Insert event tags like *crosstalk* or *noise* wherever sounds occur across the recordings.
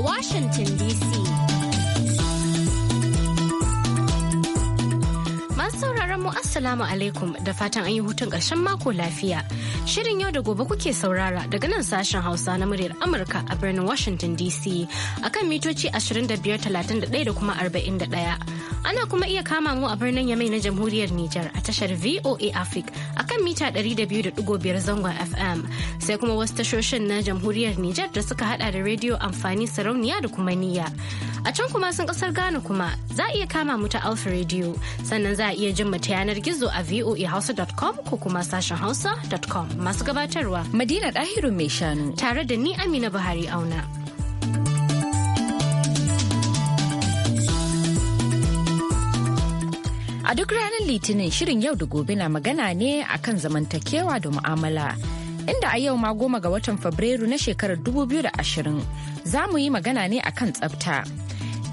a Washington DC. Masu sauraron mu Assalamu alaikum da fatan an yi hutun ƙarshen mako lafiya. Shirin yau da gobe kuke saurara daga nan sashen Hausa na muryar Amurka a birnin Washington DC akan mitoci 2531 da kuma 41. Ana kuma iya kama mu a birnin Yamai na Jamhuriyar Nijar a tashar VOA Africa a kan mita 200.5 zangon FM sai kuma wasu tashoshin na Jamhuriyar Nijar da suka hada da rediyo amfani sarauniya da kuma niyya. A can kuma sun kasar Ghana kuma za a iya kama mu ta Alpha Radio sannan za a iya jin ta yanar gizo a voahausa.com ko kuma sashen hausa.com masu gabatarwa. Madina Dahiru mai shanu. Tare da ni Amina Buhari Auna. A duk ranar Litinin shirin yau da gobe na magana ne akan zamantakewa da mu'amala. Inda a yau ma goma ga watan Fabrairu na shekarar 2020 za mu yi magana ne akan tsafta.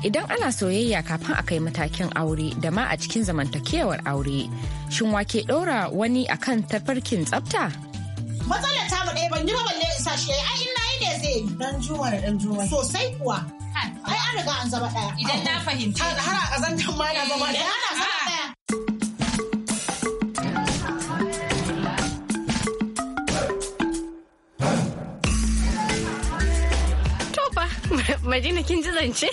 Idan ana soyayya kafin a kai matakin aure da ma a cikin zamantakewar aure, shin wake ɗora wani akan tafarkin tsafta? Matsalar tamu ɗaya ban yi ba balle isa shi ai ina yi ne zai yi. Dan juwa da dan juwa. Sosai kuwa. Ai an riga an zama ɗaya. Idan na fahimci. Har a ƙazantar ma na eh, zama ɗaya. Madina kin ji zance?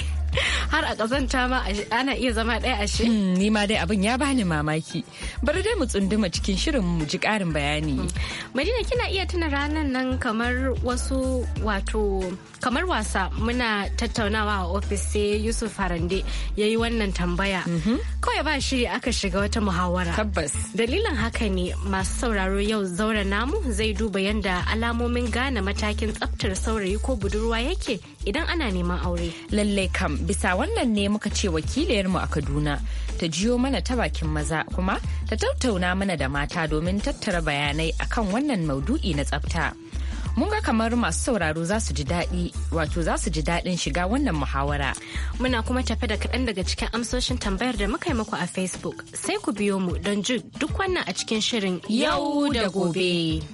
har a kazanta ma ana iya zama ɗaya ashe. Hmm, ni ma dai abin ya bani mamaki bari dai mu tsunduma cikin shirin mu ji ƙarin bayani. Hmm. Madina kina iya tuna ranar nan kamar wasu wato kamar wasa muna tattaunawa a ofis sai Yusuf Harande ya yi wannan tambaya. Mhm. Kawai ba shiri aka shiga wata muhawara. Tabbas. Dalilin haka ne masu sauraro yau zaura namu zai duba yadda alamomin gane matakin tsaftar saurayi ko budurwa yake idan ana neman aure. lallai kam bisa wannan ne muka ce wakiliyarmu a Kaduna ta jiyo mana ta bakin maza kuma ta tattauna mana da mata domin tattara bayanai akan wannan maudu'i na tsafta. mun ga kamar masu sauraro za su ji daɗi wato za su ji daɗin shiga wannan muhawara. Muna kuma tafe da kaɗan daga cikin amsoshin tambayar da muka yi muku a Facebook sai ku biyo mu don jin duk wannan a cikin shirin yau da gobe.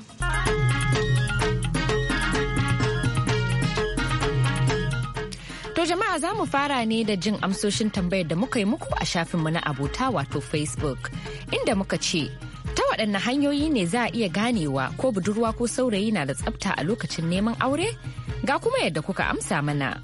To jama'a za mu fara ne da jin amsoshin tambayar da muka yi muku a shafinmu na abota wato Facebook inda muka ce ta waɗanne hanyoyi ne za a iya ganewa ko budurwa ko saurayi na da tsafta a lokacin neman aure? Ga kuma yadda kuka amsa mana.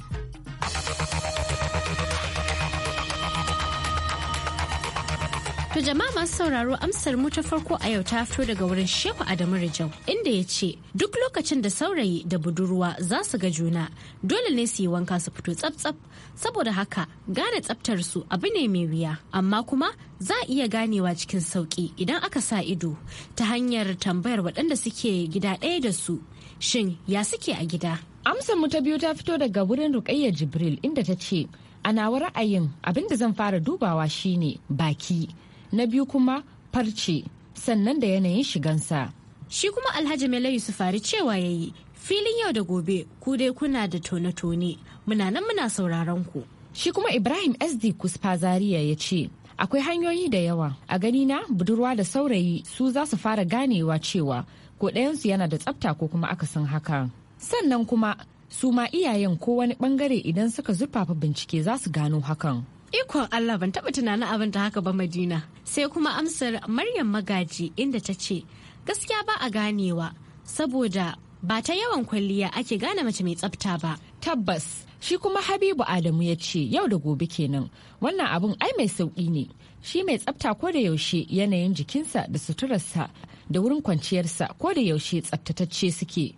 To jama'a masu sauraro amsar mu ta farko a yau ta fito daga wurin Shehu Adamu Rijau inda ya ce duk lokacin da saurayi da budurwa za su ga juna dole ne su yi wanka su fito tsaf-tsaf saboda haka gane tsaftar su abu ne mai wuya amma kuma za a iya ganewa cikin sauki idan aka sa ido ta hanyar tambayar waɗanda suke gida ɗaya da su shin ya suke a gida. Amsar mu ta biyu ta fito daga wurin Rukayya Jibril inda ta ce ana wa ra'ayin abin zan fara dubawa shine baki na biyu kuma farce sannan da yanayin shigansa shi kuma alhaji mele fari cewa ya yi filin yau da gobe ku dai kuna da tone-tone muna nan muna sauraron ku shi kuma ibrahim sd kuspa zaria ya ce akwai hanyoyi da yawa a gani na budurwa da saurayi su za su fara ganewa cewa ko ɗayansu yana da tsafta ko kuma akasin haka sannan kuma su ma iyayen ko wani bangare idan suka zurfafa bincike za su gano hakan Ikon Allah ban taɓa tunanin abin da haka ba Madina. Sai kuma amsar Maryam Magaji inda ta ce, gaskiya ba a ganewa saboda ba ta yawan kwalliya ake gane mace mai tsafta ba. Tabbas, shi kuma Habibu Adamu ya ce yau da gobe kenan wannan abun ai mai sauƙi ne. Shi mai tsafta ko da yaushe yanayin jikinsa da suturarsa da wurin kwanciyarsa ko da yaushe tsaftatacce suke.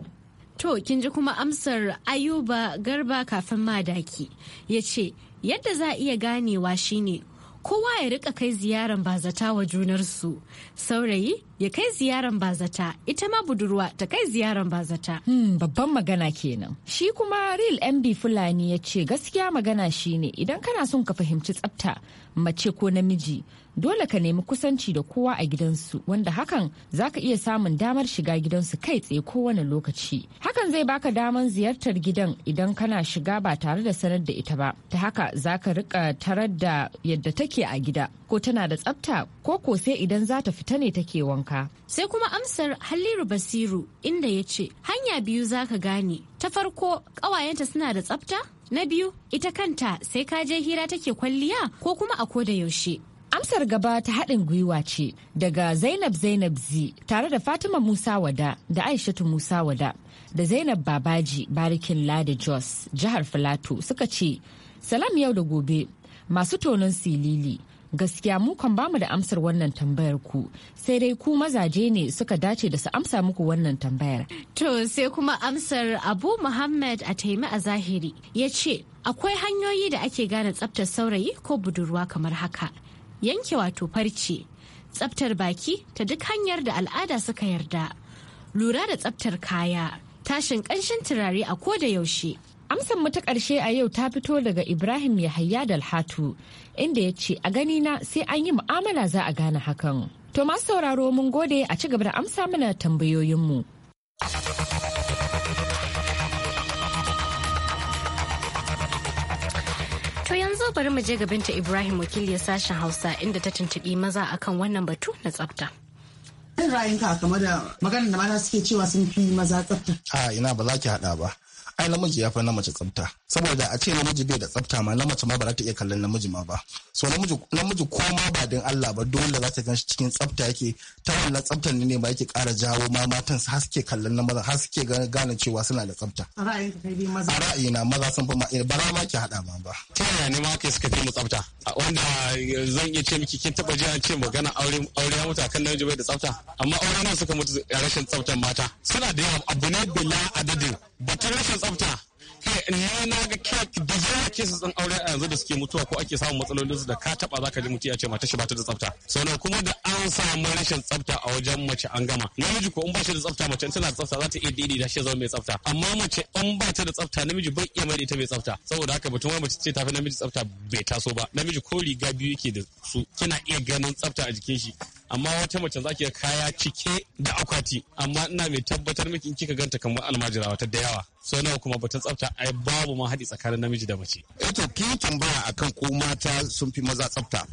To, kin ji kuma amsar Ayuba Garba kafin madaki ya ce, Yadda za a iya ganewa shine kowa ya rika kai ziyaran bazata wa junarsu, saurayi ya kai ziyaran bazata ita ma budurwa ta kai ziyaran bazata. Hmm, babban magana kenan. Shi kuma Real mb Fulani ya ce gaskiya magana shine idan kana son ka fahimci tsafta mace ko namiji dole ka nemi kusanci da kowa a gidansu wanda hakan za ka iya samun damar shiga gidansu kai tsaye kowane lokaci hakan zai baka damar ziyartar gidan idan kana shiga ba tare da sanar da ita ba ta haka za ka rika tarar da yadda take a gida ko tana da tsafta ko ko sai idan za ta fita ne take wanka Sai kuma amsar Halliru Basiru inda ya ce hanya biyu za ka gane. Ta farko ƙawayenta suna da tsafta? Na biyu ita kanta sai ka je hira take kwalliya ko kuma a koda yaushe. Amsar gaba ta haɗin gwiwa ce daga Zainab Zainab Z tare da Fatima Musa Wada da Aishatu Musa Wada da Zainab Babaji Barikin Lada Jos jihar Filato suka ce Salam yau da gobe masu tonon silili gaskiya mu kan mu da amsar wannan tambayar ku sai dai ku mazaje ne suka dace da su amsa muku wannan tambayar to sai kuma amsar abu muhammad a taimi a zahiri ya ce akwai hanyoyi da ake gane tsaftar saurayi ko budurwa kamar haka yanke wato farce tsaftar baki ta duk hanyar da al'ada suka yarda lura da tsaftar kaya tashin ƙanshin turare a ko da yaushe Amsan mu ta ƙarshe a yau ta fito daga Ibrahim Yahaya Dalhatu inda ya ce a ganina sai an yi mu'amala za a gane hakan. To masu sauraro mun gode a ci gaba da amsa mana tambayoyinmu. To yanzu bari mu je ga Binta Ibrahim ya sashen Hausa inda ta tuntuɓi maza akan wannan batu na tsafta. Yin ra'ayinka kamar da maganar da mata suke cewa sun fi maza tsafta. A ina ba za ki haɗa ba. ai namiji ya fi namiji tsafta saboda a ce namiji bai da tsafta ma namiji ma ba za ta iya kallon namiji ma ba so namiji ko ma ba din Allah ba dole za ta ganshi cikin tsafta yake ta wannan tsaftar ne ba yake ƙara jawo ma matan har haske kallon na maza har suke gane cewa suna da tsafta a na maza sun fi ma eh, ba za ma ki haɗa ma ba ta yaya ne ma kai suka fi mu tsafta wanda zan iya ce miki kin taba ji an ce magana aure aure ya mutu akan namiji bai da tsafta amma aure nan suka mutu rashin tsaftar mata suna da yawa abu ne bila adadin batun rashin makwabta ni na ga kek da yawa ke su tsan aure a yanzu da suke mutuwa ko ake samun matsalolin su da ka taba zaka ji mutum ya ce mata shi bata da tsafta sannan kuma da an samu rashin tsafta a wajen mace an gama namiji ko in ba shi da tsafta mace tana da tsafta za ta iya da shi zama mai tsafta amma mace in ba ta da tsafta namiji bai iya mai ita mai tsafta saboda haka batun wai mace ce tafi namiji tsafta bai taso ba namiji ko riga biyu yake da su kina iya ganin tsafta a jikin shi amma wata mace za ki ga kaya cike da akwati amma ina mai tabbatar miki in kika ganta kamar almajira wata da yawa so nawa kuma batun tsafta ai babu ma hadi tsakanin namiji da mace. Eto eh ki tambaya akan ko mata sun fi maza tsafta.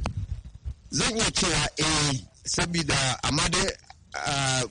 Zan iya cewa eh sabida amma dai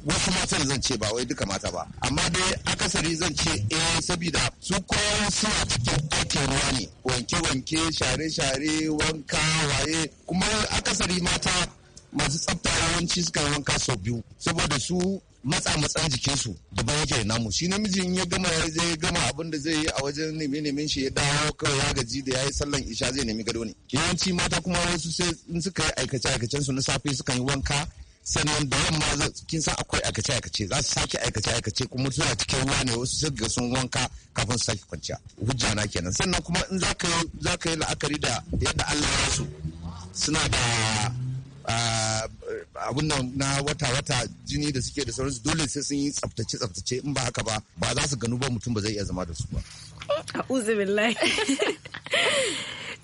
wasu matan zan ce ba wai duka mata ba amma dai akasari zan ce eh sabida su kowa suna cikin aikin ruwa ne wanke-wanke share-share wanka waye kuma akasari mata masu tsafta yawanci suka wanka sau biyu saboda su matsa matsan jikinsu daban yake da namu shi namijin ya gama zai gama abin da zai yi a wajen neme nemen shi ya dawo kawai ya gaji da yayi sallan isha zai nemi gado ne yawanci mata kuma wasu sai in suka yi aikace aikacen su na safe suka yi wanka sannan da yamma kin san akwai aikace aikace za su sake aikace aikace kuma suna cikin ruwa ne wasu sai ga sun wanka kafin su sake kwanciya hujja na kenan sannan kuma in za ka yi la'akari da yadda Allah ya su suna da abun nan na wata-wata jini da suke da sauransu dole sai sun yi tsaftace-tsaftace in ba haka ba ba za su ganu ba mutum ba zai iya zama da su ba.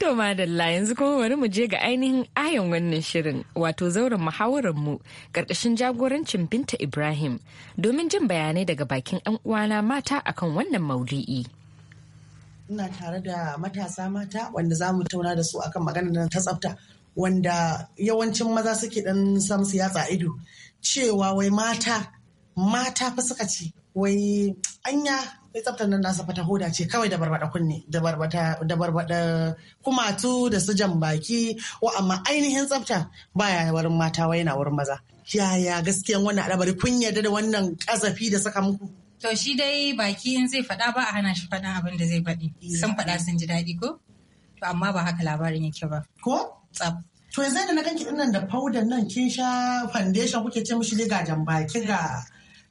To madalla yanzu kuma bari mu je ga ainihin ayon wannan shirin wato zauren muhawararmu karkashin jagorancin Binta Ibrahim domin jin bayanai daga bakin 'yan uwana mata akan wannan maudu'i. Ina tare da matasa mata wanda za mu tauna da su akan maganar ta tsafta wanda yawancin maza suke dan samsu yatsa ido cewa wai mata mata fa suka ce wai anya sai tsaftar nan nasa fata hoda ce kawai da barbada kunne da barbada kumatu da su jan baki wa amma ainihin tsafta baya wurin mata wai yana wurin maza yaya gaskiyan wannan alabari kun yarda da wannan kazafi da saka muku to shi dai baki in zai faɗa ba a hana shi fada abin da zai faɗi sun faɗa sun ji daɗi ko to amma ba haka labarin yake ba ko tsab. To yanzu da na ganki dinnan da powder nan kin sha foundation kuke ce mishi ga baki ga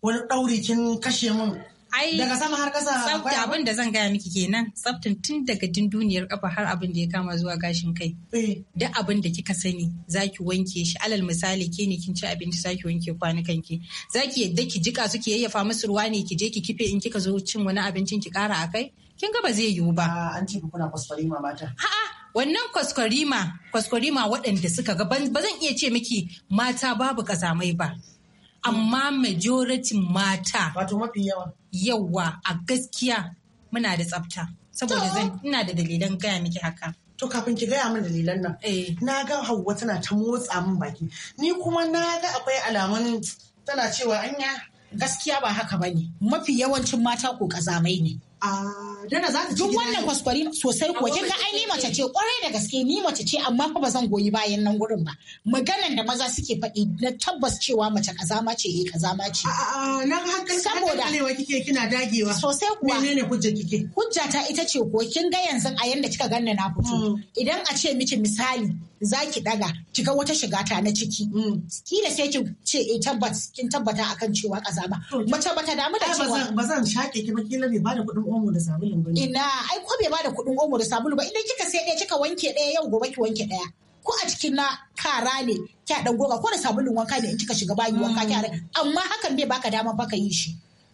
wani ɗauri kin kashe mun. Ai, daga sama har kasa tsafta abin da zan gaya miki kenan tsaftin tun daga dinduniyar kafa har abin da ya kama zuwa gashin kai. Eh. Duk abin da kika sani zaki wanke shi alal misali ke ne kin ci abinci zaki wanke kwanukan ki. Zaki yadda ki jika suke yayyafa musu ruwa ne ki je ki kife in kika zo cin wani abincin ki kara akai. Kin ga ba zai yiwu ba. An ce kuna kwasfari ma mata. wannan kwaskwarima kwaskwarima waɗanda suka ga ba zan iya ce miki mata babu kazamai ba amma majority mata wato mafi yawa yawa a gaskiya muna da tsafta saboda zan ina da dalilan gaya miki haka to kafin ki gaya min dalilan nan eh. na ga hauwa tana ta motsa min baki ni kuma na ga akwai alamun tana cewa anya gaskiya ba haka bane mafi yawancin mata ko kazamai ne Duk wannan kwaskwari sosai kuwa kin ga ai ni mace ce kwarai da gaske ni mace ce amma fa ba zan goyi bayan nan gurin ba. Maganan da maza suke faɗi na tabbas cewa mace ma ce eh ma ce. Na hankali saboda kalewa kike kina dagewa. Sosai kuwa. Menene hujja kike? Hujja ta ita ce ko kin ga yanzu a yanda kika ganna na fito. Mm. Idan a ce miki misali za ki daga ki ga wata shiga ta na ciki mm. kila sai ki ce eh, tabbas kin tabbata akan cewa kaza ba tabbata bata damu da cewa ba zan shake ki ba kila bai bada kuɗin omo da sabulun ba ina ai ko bai bada kuɗin omo da sabulu ba idan kika sai ɗaya kika wanke ɗaya yau gobe ki wanke ɗaya ko a cikin na kara ne kya dan goga ko da sabulun wanka ne in kika shiga bayi wanka kyara amma hakan bai baka dama baka yi shi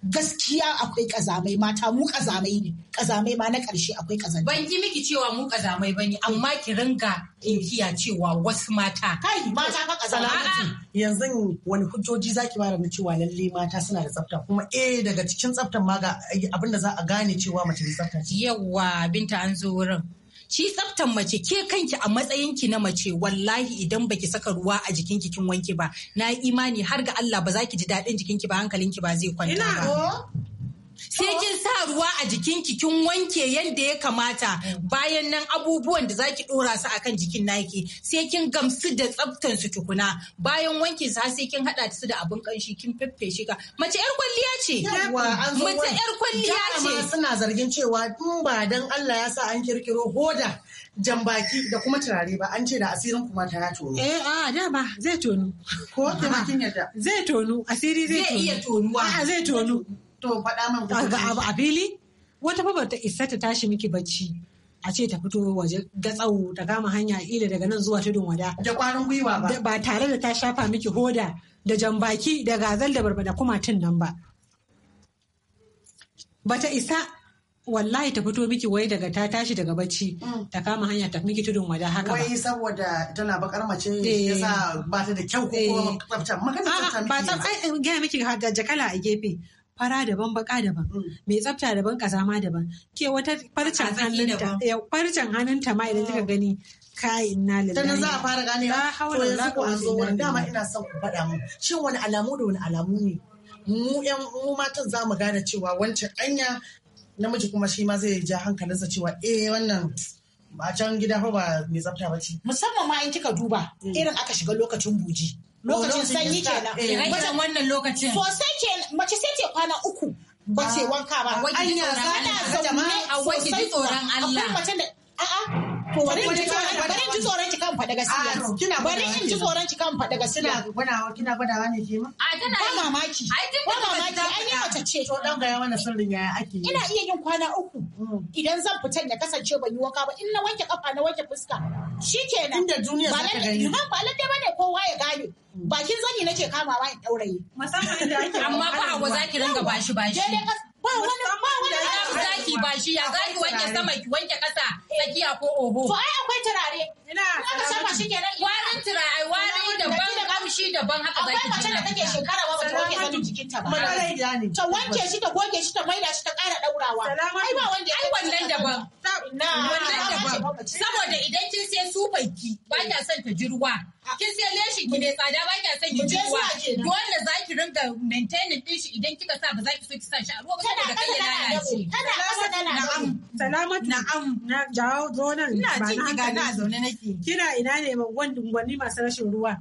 gaskiya akwai kazamai mata mu kazamai ne kazamai ma na karshe akwai kazamai ban yi miki cewa mu kazamai ba ne amma ki ringa inkiya cewa wasu mata kai mata fa kazamai yanzu wani hujjoji zaki ba mu cewa lalle mata suna da tsafta kuma eh daga cikin tsaftan ma ga abin da za a gane cewa mace da tsafta yawa binta an zo wurin shi tsaftan mace ke kanki a matsayinki na mace wallahi idan baki saka ruwa a jikinki kin wanke ba na imani har ga Allah ba za ki ji daɗin ki ba hankalinki ba zai kwanta ba sai kin sa ruwa a jikinki kin wanke yadda ya kamata bayan nan abubuwan da zaki dora su akan jikin naki sai kin gamsu da tsaftan su tukuna bayan wankin sa sai kin hada su da abun kanshi kin feffeshe ka mace yar kwalliya ce mace yar kwalliya ce suna zargin cewa in ba dan Allah ya sa an kirkiro hoda jambaki da kuma turare ba an ce da asirin kuma ta ya tono. Eh a dama zai tono. Ko kuma kin yarda. Zai tono asiri zai tono. Zai iya tonuwa. A zai tono. To faɗa man ku ga abu a fili wata fa bata isa ta tashi miki bacci a ce ta fito waje gatsau ta gama hanya ila daga nan zuwa tudun wada. Da kwarin gwiwa ba. Ba tare da ta shafa miki hoda da jambaki da gazal da barbada kumatun nan ba. Bata isa wallahi ta fito miki wai daga ta tashi daga bacci mm. ta kama hanya ta miki tudun wada haka ba. Wai saboda tana bakar mace eh. yasa ba ta da kyau ko kuma eh. tsafta magana tsafta miki. Ba tsafta gaya miki ga jakala a gefe fara daban baka daban mm. mai tsafta daban kazama daban ke wata farcen hannunta eh, farcen hannunta ma idan kika mm. gani kayin na lillahi dan za a fara gane ah, to yanzu ku an zo wani dama ina son ku faɗa mu shin wani alamu da wani alamu ne mu yan mu matan za mu gane cewa wancan anya namiji kuma shi ma zai ja hankalinsa cewa eh wannan ba can gida fa ba mai tsafta ba ce musamman ma in kika duba mm. irin aka shiga lokacin buji lokacin sanyi kenan eh. mace wannan lokacin sosai ke mace sai ce kwana uku ce wanka ba anya tana zaune a waje tsoron Allah a mace da bari in ji tsoron ki kan faɗa gaskiya bari in ji tsoron ki kan faɗa gaskiya kina gwadawa ne ke ma a tana ba mamaki ba mamaki an yi mace ce to dan ga wannan sirrin yaya ake ina iya yin kwana uku mm. idan zan fita da kasance ban yi wanka ba in na wanke kafa na wanke fuska shikenan inda duniya ba lalle ba lalle bane kowa ya gane bakin zani nake kamawa in dauraye musamman da ake amma ba hawa zaki ringa bashi bashi ba wani ba wani zaki ba shi ya zaki wanke sama ki wanke kasa tsakiya ko oho to ai akwai turare ina ka shafa shi kenan warin turare warin daban da kamshi daban haka zaki akwai mace da take shekara ba bata wanke zanin jikinta ba ta wanke shi ta goge shi ta maida shi ta ƙara daurawa ai ba wanda ai wannan daban wannan daban saboda idan kin sai sufai ki ba ta son ta ji ruwa kin sai leshi ki bai tsada ba kya san ki duwa wanda zaki ringa maintaining din shi idan kika sa ba za ki so ki san shi a ruwa ba saboda kai ya lalace tana kasa tana na'am salamatu na'am na jawo zo nan ina jin ki ga na zaune nake kina ina ne wani masu rashin ruwa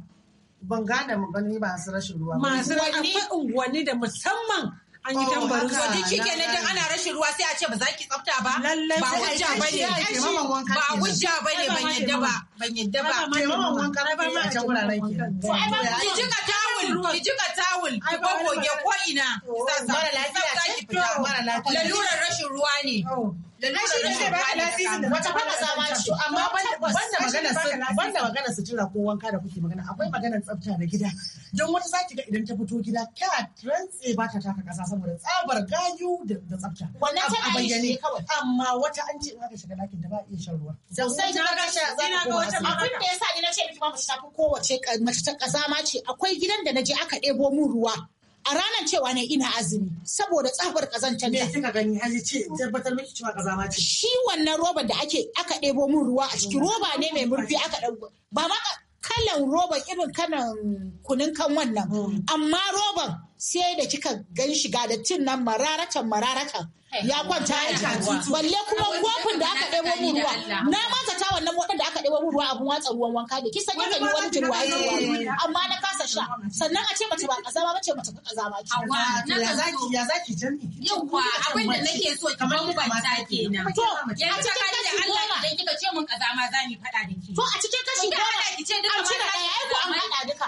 ban gane ba masu rashin ruwa masu rashin unguwanni da musamman an yi duk kike ne dan ana rashin ruwa sai a ce ba za ki tsafta ba ba hujja bane ba ban yadda ba ban yadda ba taimakon wanka ba ma a can wuraren ki ki jika tawul ki jika tawul ki goge ko ina sa sa mara lafiya ce mara lafiya lalurar rashin ruwa ne da ne zai baka lasisi da wata baka sama shi amma banda magana su magana ko wanka da kuke magana akwai maganar tsafta na gida don wata zaki ga idan ta fito gida kana rantse ba ta taka kasa saboda tsabar gayu da tsafta wannan ta bayyane kawai amma wata an ce in aka shiga ɗakin da ba iya shan ruwa sosai na ga shi ina ga wata abin da yasa ni na ce miki ma mace ta fi kowace mace ta kasa ma ce akwai gidan da naje aka ɗebo mun ruwa a ranar cewa ne ina azumi saboda tsabar kazantar da kika gani haji ce tabbatar miki cewa kazama ce shi wannan roba da ake aka ɗebo mun ruwa a ciki roba ne mai murfi aka dauko. ba ma kalan roban irin kalan kunun kan wannan mm. amma roban sai da kika gan shi ga da tin nan mararatan mararatan eh. ya kwanta a jiki balle kuma kofin da aka ɗebo mu ruwa na ma zata wannan wadan da aka ɗebo mu ruwa abun watsa ruwan wanka ne kisan yakan yi wani jirwa ya ruwa amma na kasa sha sannan a ce mace ba kaza ba ce mace ba ce ki na ki ya zaki jami abin da nake so ki banta kenan to ya kai da Allah idan kika ce mun kazama za mu faɗa da ke. to a cikin kashi goma ki ce duka ma ai ko an faɗa duka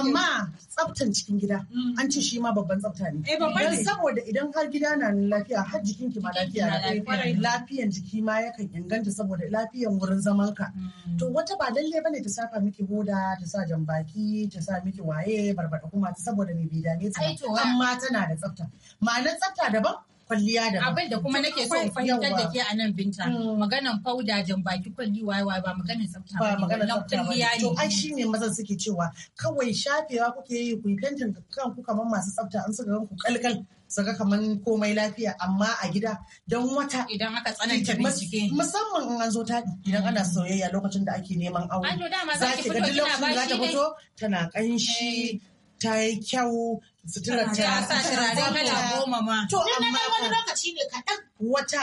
amma tsaftan cikin gida mm. an ce shi ma babban tsafta ne. Don eh, saboda idan har gida na lafiya har jikin ki ma lafiya lafiyan jiki ma yakan inganta saboda lafiyan wurin zaman ka. Mm. To wata ba lalle bane ta saka miki hoda ta sa jan baki ta sa miki waye barbada kuma saboda mai bidane ta amma tana da tsafta. Ma'anar tsafta daban kwalliya da abin da kuma nake so fahimtar da ke a nan binta mm. maganan fauda jan baki kwalli wayewa ba maganar tsafta ba maganar tsafta ba to ai shine mazan suke cewa kawai shafewa kuke yi ku kan kanku kamar masu tsafta an suka ganku kalkal saka kamar komai lafiya amma a gida don wata idan aka tsananta bincike musamman in an zo ta idan ana soyayya lokacin da ake neman aure za ki ga duk lokacin da ta fito tana kanshi eh. ta yi kyau sutura ta sa turare kala goma ma. To amma wani lokaci ne kaɗan. Wata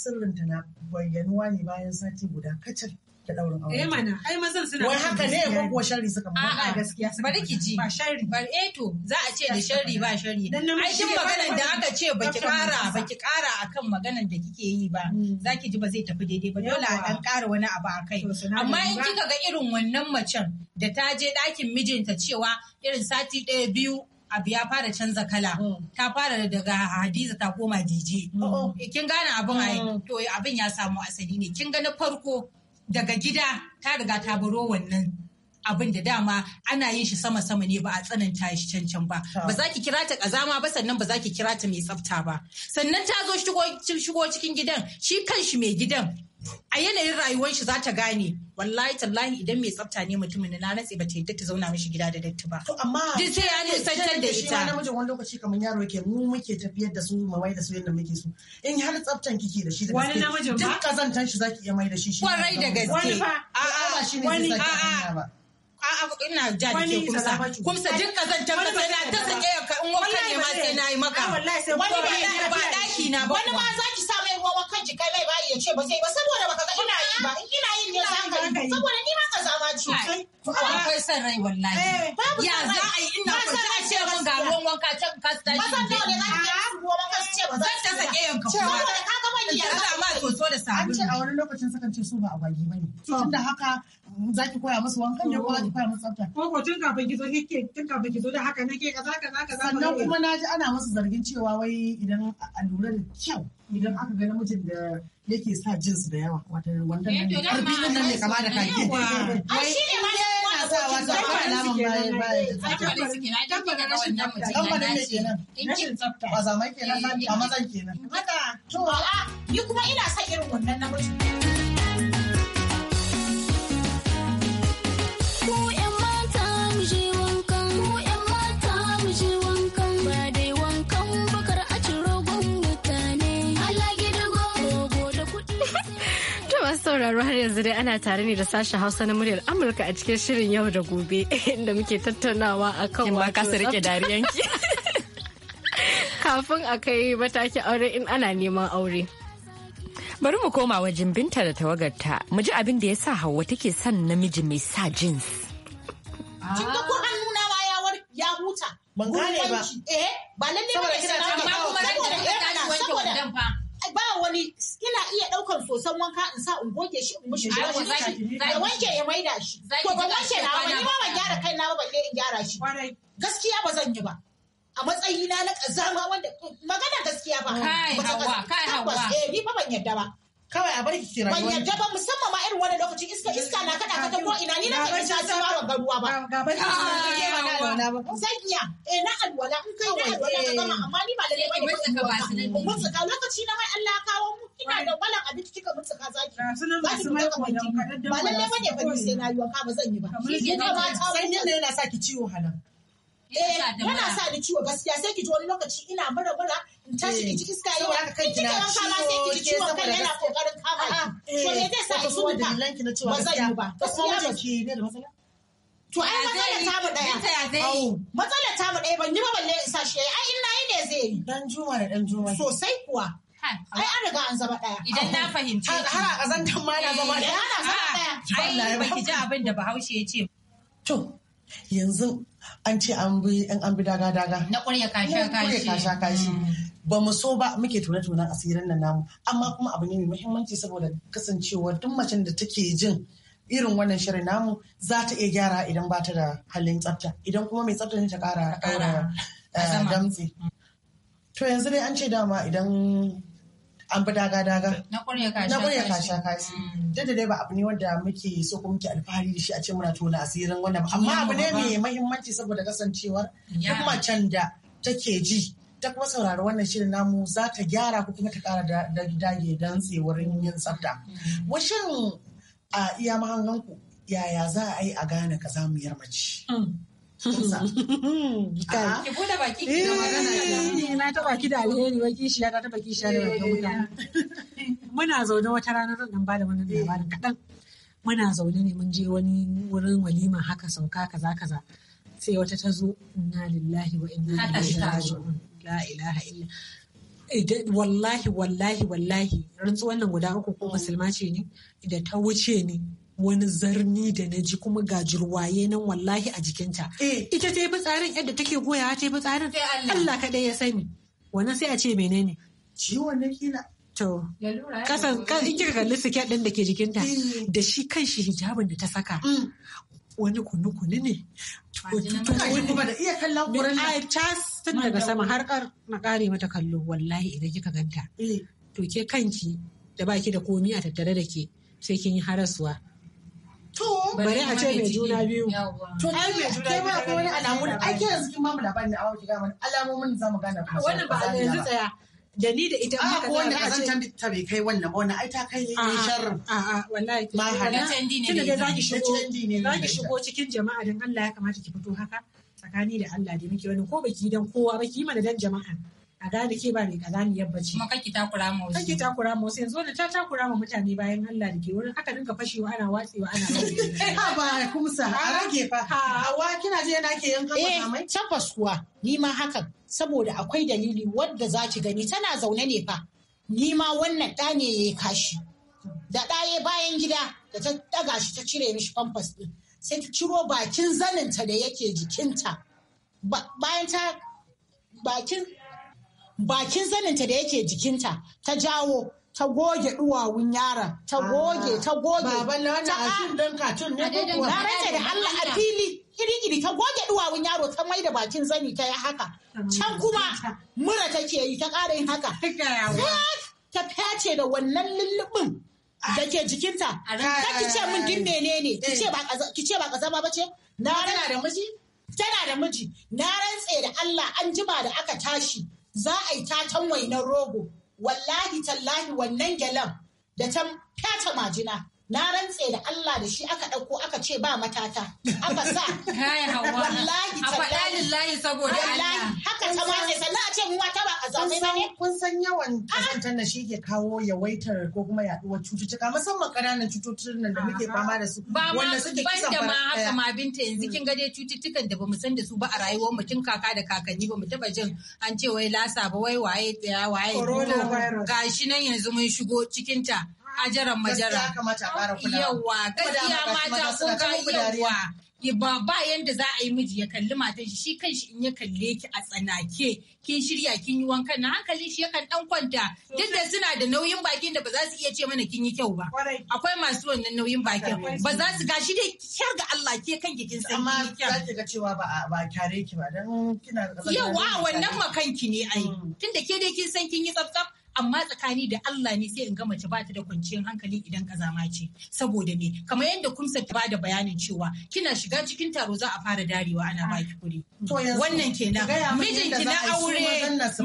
sirrinta na bayyanuwa ne bayan sati guda kacal. da daurin aure. Eh mana, ai mazan suna. Wai haka ne ko kuwa sharri suka mu. a gaskiya su bari ki ji. Ba sharri. Ba eh to za a ce da sharri ba sharri. Ai kin maganar da aka ce baki kara baki kara akan maganar da kike yi ba. Mm. Zaki ji ba zai tafi daidai ba dole a dan kara wani abu a kai. Amma in kika ga irin wannan macen da ta je ɗakin mijinta cewa irin sati ɗaya biyu abu ya fara canza kala oh. ta fara daga hadiza ta koma dj oh, oh. eh, kin gane abin a to abin ya samu asali ne kin ga na farko daga gida ta riga ta baro wannan abin da dama ana yin shi sama-sama ne ba a tsananta shi cancan ba ba za ki kira ta kazama ba sannan ba za ki kira ta mai tsafta ba sannan ta zo shigo cikin gidan shi kanshi mai gidan a yanayin rayuwar shi za ta gane wallahi tallahi idan mai tsafta ne mutumin na natse ba ta yadda ta zauna mishi gida da datti ba to amma duk sai ya nisantar da ita namijin wani lokaci kamar yaro yake mu muke tafiyar da su mu mai da su yadda muke so in har tsaftan kike da shi da wani namijin ba duk kazantan shi zaki iya mai da shi shi kwarai da gaske wani fa a'a shi ne wani a'a a'a ina ja da ke kumsa kumsa duk kazantan ka sai na ta sake ka in wanka ne ma sai na yi maka wani ba daki na ba wani ma zaki sa wa wakan jika lai ba ya ce ba zai ba saboda baka ga ina yi ba ina yin ne za ka yi saboda ni ma ka zama cutai san rai wallahi eh, ya za a yi ina ko ta ce mun ga ruwan wanka ta ka tashi ba san za ka ruwan wanka ce ba za ta sake yanka saboda iya ana ma soso da sabulu. An ce a wani lokacin sukan ce su ba agwagi ba ne. Tun da haka za ki koya musu wankan da ko za ki koya musu tsafta. Ko ko tun kafin ki zo kike tun kafin ki zo da haka nake kaza kaza kaza. Sannan kuma na ji ana musu zargin cewa wai idan a lura da kyau idan aka ga namijin da yake sa jins da yawa wata wanda ne eh, karfi nan ne kama da kaki. Ai shi ne ma sawa ta fara naman baya baya da tsafta. rashin nan mutum na ce. Rashin tsafta. Ba zamai kenan, eh, a mazan kenan. Haka. To, ni kuma ina son irin wannan na namijin. masu sauraro har yanzu dai ana tare ne da sashen Hausa na muryar Amurka a cikin shirin yau da gobe inda muke tattaunawa akan wato ka rike dariyanki. *laughs* Kafin a kai mataki aure in ana neman aure. Bari mu koma wajen binta da tawagarta mu ji abin da ya sa hawa take son namiji mai sa jeans. jin ga ko an nuna ma ya huta. Ban gane ba. Eh ba lalle ba kina ta ba kuma ran da kika tashi wanke wandan fa. ba wani ina iya daukar sosan wanka in sa in goge shi in mushi da wanke ya maida shi to ba wanke na wani ba ban gyara kai na ba balle in gyara shi gaskiya ba zan yi ba a matsayina na kazama wanda magana gaskiya ba kai hawa kai hawa eh ni fa ban yadda ba kawai a bari ki rayuwa ban yadda ba musamman ma irin wannan lokacin iska iska na kada kada ko ina ni na kai ta ci ba ga ruwa ba ga ba sai ah, iya eh na alwala in kai na alwala ka eh. gama amma ni ba lalle ba ne ka ba sanin mu tsaka lokaci na mai Allah kawo mu kina da walan abinci kika mu tsaka zaki zaki mu ka banki ba lalle ba ne ba sai na yi wanka ba zan yi ba yana ma ta sai ne yana saki ciwo halan Eh, yana sa ni ciwo gaskiya sai ki ji wani lokaci ina mura mura ta eh. shiki eh, yi to me ba matsala ta mu daya Matsala ta mu daya ban yi ba balle isa shi ai in nayi ne zai yi dan juma da dan juma sosai kuwa ai an riga an zama daya idan na fahimce. har a kazantar ma na zama daya eh, ai baki ji abin da bahaushe ya ce to yanzu an ce an bi an an bi daga daga na kurya kasha kashi na kurya kashi mm. ba mu so ba muke tona tunan asirin nan namu amma kuma abu ne mai muhimmanci saboda kasancewar duk macen da take jin irin wannan shirin namu za ta iya gyara idan ba ta da halin tsafta idan kuma mai tsafta ne ta kara eh, damtse to yanzu dai an ce dama idan an bi daga daga na kurya kasha kasi duk da dai ba abu ne wanda muke so ko muke alfahari da shi a ce muna tona asirin wannan amma abu ne mai mahimmanci saboda kasancewar duk macen da take ji ta kuma saurari wannan shirin namu za ta gyara ko kuma ta kara da dage don tsewarin yin tsafta. Mm. Washin a iya ku yaya za a yi a gane ka za mu yarmaci. Mm. *laughs* Ah, ki bude baki eh. da magana na ta baki da alheri ta baki da eh. *laughs* Muna zaune wata rana zan dan bada wannan labarin kaɗan. Muna zaune ne mun je wani wurin walima haka sauka kaza kaza. Sai wata ta zo inna lillahi wa inna ilaihi raji'un. La ilaha illa. Eh, wallahi wallahi wallahi rantsuwan nan guda uku ko musulma ce ne da ta wuce ni wani zarni da na ji kuma gajirwaye nan wallahi a jikinta. Eh. Ita ta yi fitsarin yadda take goya ta yi fitsarin Allah kaɗai ya sani. Wannan sai a ce menene? Ciwon na kila. To, kasan in kika kalli sikiyar ɗin da ke jikinta eh. da shi kan shi hijabin da ta saka. Mm. Wani kunu-kunu ne. Tun daga sama har na ƙare mata kallo wallahi idan kika ganta. Eh. To ke kanki da baki da komi a tattare da ke sai kin yi harasuwa. bari a ce mai juna biyu to ai mai juna biyu ma ko wani alamu ai ke yanzu kin ba mu labarin a awo ki alamomin za mu gane wannan ba yanzu tsaya da ni da ita ah, ma ka wanda ka san ta bai kai wannan ba wannan ai ta kai ah, ah, sharrin a a wallahi ma hana tandi ne ne zaki shigo zaki shigo cikin jama'a dan Allah ya kamata ki fito haka tsakani da Allah da muke wani ko baki dan kowa ba ki mana dan jama'a a da ke ba mai kaza ni yabba ce. Kuma kake takura ma wasu. Kake takura ma wasu yanzu da ta takura ma mutane bayan Allah da ke wurin haka dinka fashewa ana watsewa ana *laughs* Ha ba kumsa a rage fa. wa kina je yana ke yanka mai. Eh tabbas kuwa ni ma hakan saboda akwai dalili wadda za ki gani tana zaune ne fa. Ni ma wannan ɗa ne ya kashi. Da ɗaye bayan gida da ta ɗaga shi ta cire mishi famfas ɗin. Sai ta ciro bakin zaninta da yake jikinta. Bayan ta bakin bakin zaninta da yake jikinta ta jawo ta goge duwawun yara ta ah, goge ta goge ta a don katun ne ko na rage da Allah a fili iri-iri ta goge duwawun yaro ta mai da bakin zani ta yi haka can kuma mura take yi ta ƙara yin haka ta fyace da wannan lullubin da ke jikinta ta ki ce min din menene ki ce ba kazama ba ce na tana da miji tana da miji na rantse da Allah an jima da aka tashi za a yi tatan wainan rogo wallahi tallahi wannan gyalan da ta fata majina na rantse da Allah da shi aka ɗauko aka ce ba matata aka sa *laughs* wallahi ta wallahi tallahi saboda Allah haka ta mace sannan a ce mu mata ba kazabai ba ne kun san yawan kasantar da shi ke kawo yawaitar ko kuma yaduwar cututtuka musamman ƙananan cututtukan da muke fama da su ba ma banda ma haka eh. ma binta yanzu kin ga dai cututtukan da bamu san da su ba a rayuwar mu tun kaka da kakanni bamu taba jin an ce wai lasa ba wai waye tsaya waye gashi nan yanzu mun shigo cikin ta a jaran majara. Yawa gaskiya mata kun ga yawa. ba ba yanda za a yi miji ya kalli matan shi shi kanshi in ya kalle ki a tsanake kin shirya kin yi wanka na hankali shi yakan ɗan kwanta duk da suna da nauyin bakin da ba za su iya ce mana kin yi kyau ba akwai masu wannan nauyin bakin ba za su gashi dai kyar ga Allah ke kanki kin san amma za ki ga cewa ba ba kyare ki ba dan kina yawa wannan makanki ne ai mm. tunda ke dai kin san kin yi tsaftsaf amma tsakani da Allah ne sai in ga mace ba ta da kwanciyar hankali idan kazama ce saboda me kamar yadda kumsa ta bada bayanin cewa kina shiga cikin taro za a fara darewa ana baki kuɗi wannan kenan mijinki na aure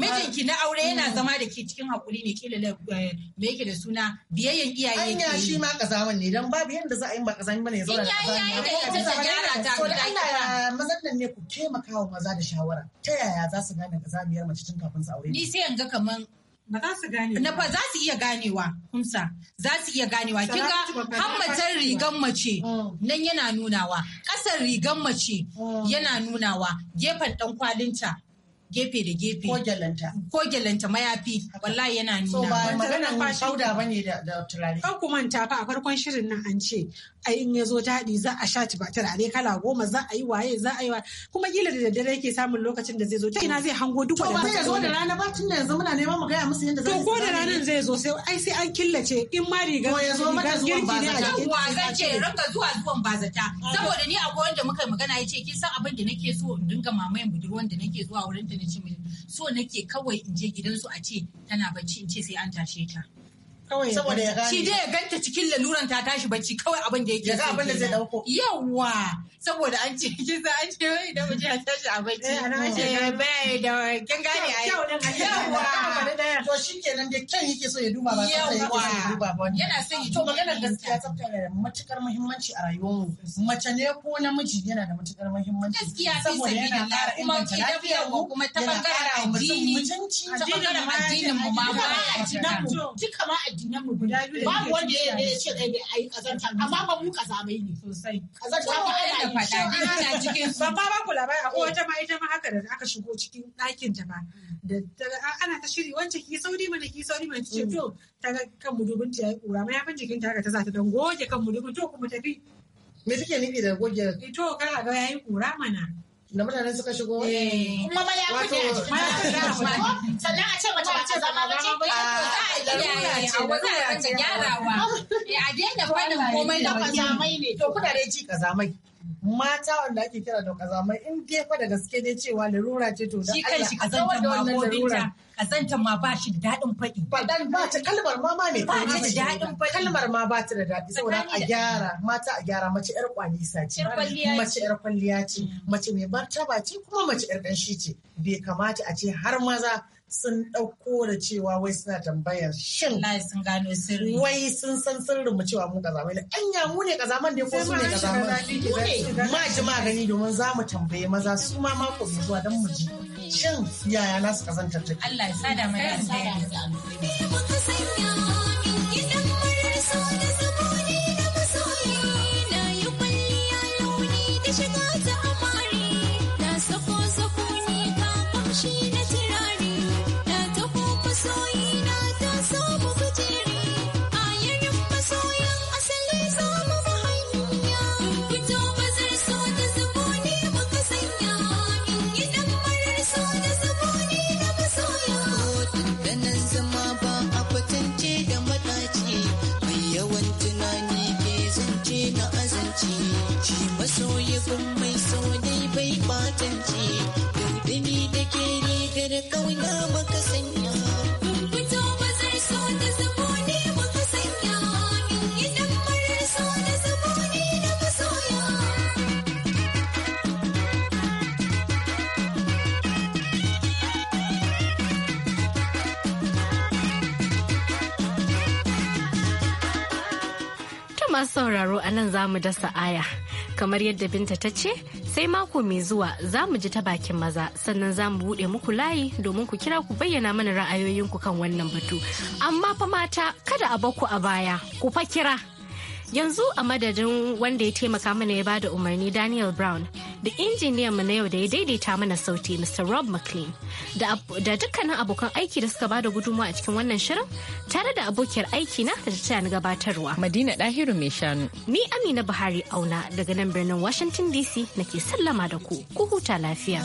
mijinki na aure yana mm. zama da ke cikin hakuri ne kila eh, me yake da suna biyayyen iyaye yake shi ma kazaman ne dan babu yanda za a yi ba kazami bane ya zauna da kazami ta gyara ta mazan nan ne ku taimaka wa maza da shawara ta yaya za su gane kazamiyar mace tun kafin su aure ni sai in ga kaman za su gane. Na fa za su iya ganewa, Humsa. Za su iya ganewa. Kiga hammatar rigan mace oh. nan yana nunawa. Ƙasar rigan mace oh. yana nunawa. Gefen ɗan kwalinta gefe da gefe ko gyalanta ko gyalanta mayafi wallahi yana nuna so ba magana sauda bane da da turare kan kuma manta fa a farkon shirin nan an ce ai in yazo daɗi za a sha tuba turare kala goma za a yi waye za a yi wa. kuma kila da daddare yake samun lokacin da zai zo ta ina zai hango duk wanda ba zai zo da rana ba da yanzu muna neman mu gaya musu yadda za su ko da ranar zai zo sai ai sai an killace in ma riga ko ya zo mata zuwan bazata ko zan ce ranka zuwa zuwan bazata saboda ni akwai wanda muka magana yace kin san abin da nake so in dinga mamayen budurwan da nake zuwa wurin ta da cin so nake kawai in je gidansu a ce tana bacci in ce sai an tashe ta saboda shi dai ya ganta cikin laluran ta tashi bacci kawai abin da yake so abin da zai dauko yawa saboda an ce kin san an ce wai idan mutum a tashi a bacci eh, eh bai da kin gane ai yawa to shikenan da kyan yake so ya duba ba sai ya duba ba yana son ya to magana gaskiya tsafta da matukar muhimmanci a rayuwar mu mace ne ko namiji yana da matukar muhimmanci gaskiya saboda yana ƙara inganta lafiya mu kuma ta bangaren addini mutunci ta bangaren addinin mu ma ba a duka ma addini jinjinan mu guda biyu babu wanda ya ce kai ne ai kazanta amma ba mu kazamai ne sosai kazanta ba ana faɗa ana cikin ban ba ba ku labari akwai eh. wata ma ita ma haka da aka shigo cikin ɗakin ta ba da ana ta shiri wancan ki sauri mana ki sauri mana ce to ta ga kan mudubin ta yayi kura mayafin jikin ta haka ta sa ta dan goge kan mudubin to kuma tafi me take nufi da goge eh, to kana ga yayi kura mana da mutane suka shigo eh. kuma ya mayafi ne sannan a ce mace a ce zama ba ce ba za a gyara ce ba za a ta gyarawa eh, a daina fadin komai da kazamai ne to kuna dai ji kazamai mata wanda ake kira da kazamai in dai fa da gaske dai cewa larura ce to da Allah a kawar ma wannan larura kazanta ma ba shi da daɗin faɗi. Ba dan ba ta kalmar ma ma ne. Ba ta da daɗin faɗi. Kalmar ma ba ta da daɗi saboda a gyara mata a gyara mace ƴar kwalisa ce. Mace ƴar kwalliya ce. Mm. Mace mai martaba ce kuma mace ƴar ƙanshi ce. Bai kamata a ce har maza sun ɗauko da cewa wai suna tambayar shin sun gano sirri wai sun san sirrin mu cewa mu an anya mu ne kazaman da ko su ne kazaman ma ji ma gani domin za mu tambaye maza su ma mako mai zuwa dan mu ji shin yaya nasu kazantar take Allah ya sada mai da ƙauna muka sanya. Mun fito bazar so da zabo ne sanya. Min gidan marar so da zabo ne masoya. Ta masu sauraro a nan za mu dasa aya. Kamar yadda Binta ta ce, sai mako mai zuwa za mu ji ta bakin maza sannan za mu buɗe muku layi domin ku kira ku bayyana mana ra'ayoyinku kan wannan batu amma fa mata kada a baku a baya ku fa kira Yanzu a madadin wanda ya taimaka mana ya ba da umarni Daniel Brown da injiniyan mu na yau da ya daidaita mana sauti Mr. Rob McLean da dukkanin abokan aiki da suka bada gudunmawa a cikin wannan shirin tare da abokiyar aiki na da ta ni gabatarwa. Madina Dahiru mai shanu. Ni Amina Buhari Auna daga nan birnin Washington DC na ke sallama da ku. Ku huta lafiya.